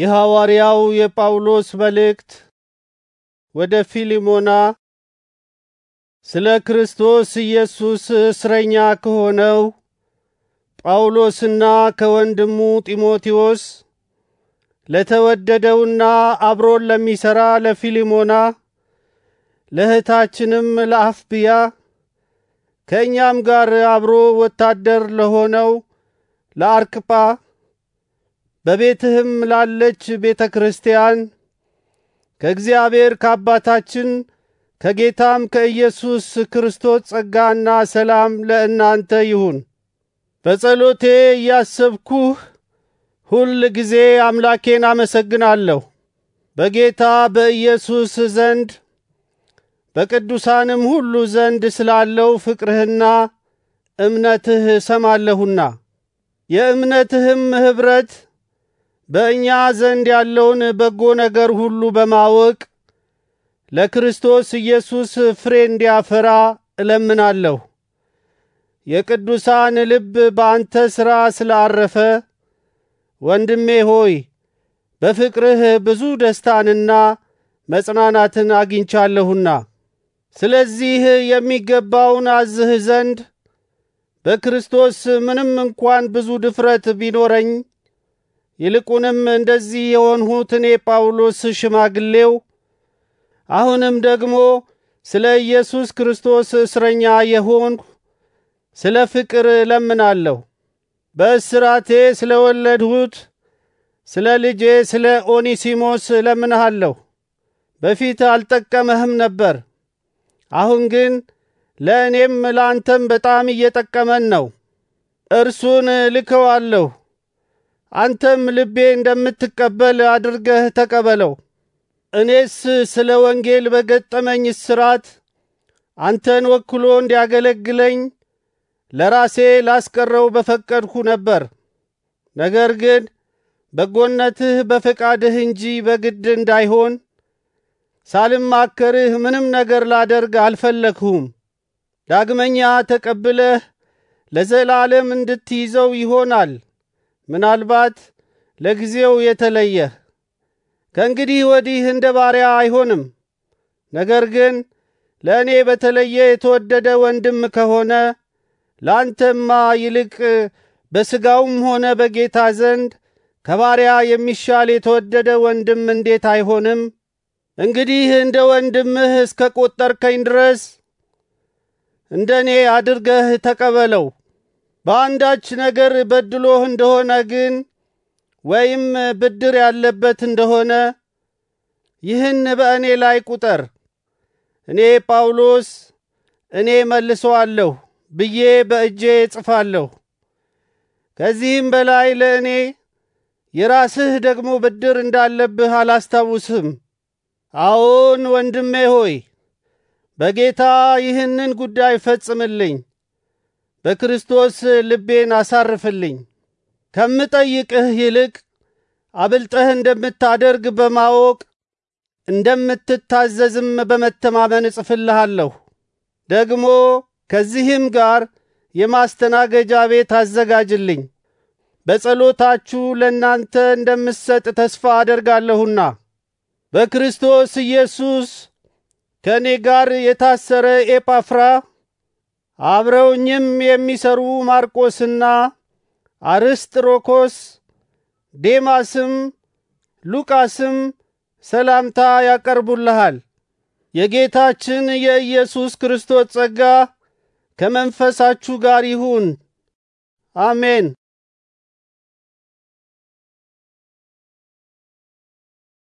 የሐዋርያው የጳውሎስ መልእክት ወደ ፊሊሞና ስለ ክርስቶስ ኢየሱስ እስረኛ ከሆነው ጳውሎስና ከወንድሙ ጢሞቴዎስ ለተወደደውና አብሮን ለሚሰራ ለፊሊሞና ለእህታችንም ለአፍብያ ከእኛም ጋር አብሮ ወታደር ለሆነው ለአርክጳ በቤትህም ላለች ቤተ ክርስቲያን ከእግዚአብሔር ከአባታችን ከጌታም ከኢየሱስ ክርስቶስ ጸጋና ሰላም ለእናንተ ይሁን። በጸሎቴ እያሰብኩህ ሁል ጊዜ አምላኬን አመሰግናለሁ። በጌታ በኢየሱስ ዘንድ በቅዱሳንም ሁሉ ዘንድ ስላለው ፍቅርህና እምነትህ እሰማለሁና የእምነትህም ኅብረት በእኛ ዘንድ ያለውን በጎ ነገር ሁሉ በማወቅ ለክርስቶስ ኢየሱስ ፍሬ እንዲያፈራ እለምናለሁ። የቅዱሳን ልብ በአንተ ሥራ ስላረፈ ወንድሜ ሆይ በፍቅርህ ብዙ ደስታንና መጽናናትን አግኝቻለሁና፣ ስለዚህ የሚገባውን አዝህ ዘንድ በክርስቶስ ምንም እንኳን ብዙ ድፍረት ቢኖረኝ ይልቁንም እንደዚህ የሆንሁት እኔ ጳውሎስ ሽማግሌው፣ አሁንም ደግሞ ስለ ኢየሱስ ክርስቶስ እስረኛ የሆንሁ ስለ ፍቅር እለምናለሁ። በእስራቴ ስለ ወለድሁት ስለ ልጄ ስለ ኦኒሲሞስ እለምንሃለሁ። በፊት አልጠቀመህም ነበር፣ አሁን ግን ለእኔም ለአንተም በጣም እየጠቀመን ነው። እርሱን ልከዋለሁ። አንተም ልቤ እንደምትቀበል አድርገህ ተቀበለው። እኔስ ስለ ወንጌል በገጠመኝ ስራት አንተን ወክሎ እንዲያገለግለኝ ለራሴ ላስቀረው በፈቀድኩ ነበር። ነገር ግን በጎነትህ በፈቃድህ እንጂ በግድ እንዳይሆን ሳልማከርህ ምንም ነገር ላደርግ አልፈለግሁም። ዳግመኛ ተቀብለህ ለዘላለም እንድትይዘው ይሆናል ምናልባት ለጊዜው የተለየ ከእንግዲህ ወዲህ እንደ ባሪያ አይሆንም። ነገር ግን ለእኔ በተለየ የተወደደ ወንድም ከሆነ ለአንተማ ይልቅ በስጋውም ሆነ በጌታ ዘንድ ከባሪያ የሚሻል የተወደደ ወንድም እንዴት አይሆንም? እንግዲህ እንደ ወንድምህ እስከ ቈጠርከኝ ድረስ እንደ እኔ አድርገህ ተቀበለው። በአንዳች ነገር በድሎህ እንደሆነ ግን ወይም ብድር ያለበት እንደሆነ ይህን በእኔ ላይ ቁጠር። እኔ ጳውሎስ እኔ መልሰዋለሁ ብዬ በእጄ ጽፋለሁ። ከዚህም በላይ ለእኔ የራስህ ደግሞ ብድር እንዳለብህ አላስታውስም። አዎን ወንድሜ ሆይ በጌታ ይህንን ጉዳይ ፈጽምልኝ። በክርስቶስ ልቤን አሳርፍልኝ። ከምጠይቅህ ይልቅ አብልጠህ እንደምታደርግ በማወቅ እንደምትታዘዝም በመተማመን እጽፍልሃለሁ። ደግሞ ከዚህም ጋር የማስተናገጃ ቤት አዘጋጅልኝ፣ በጸሎታችሁ ለእናንተ እንደምሰጥ ተስፋ አደርጋለሁና። በክርስቶስ ኢየሱስ ከእኔ ጋር የታሰረ ኤጳፍራ አብረውኝም የሚሰሩ ማርቆስና አርስጥሮኮስ፣ ዴማስም ሉቃስም ሰላምታ ያቀርቡልሃል። የጌታችን የኢየሱስ ክርስቶስ ጸጋ ከመንፈሳችሁ ጋር ይሁን። አሜን።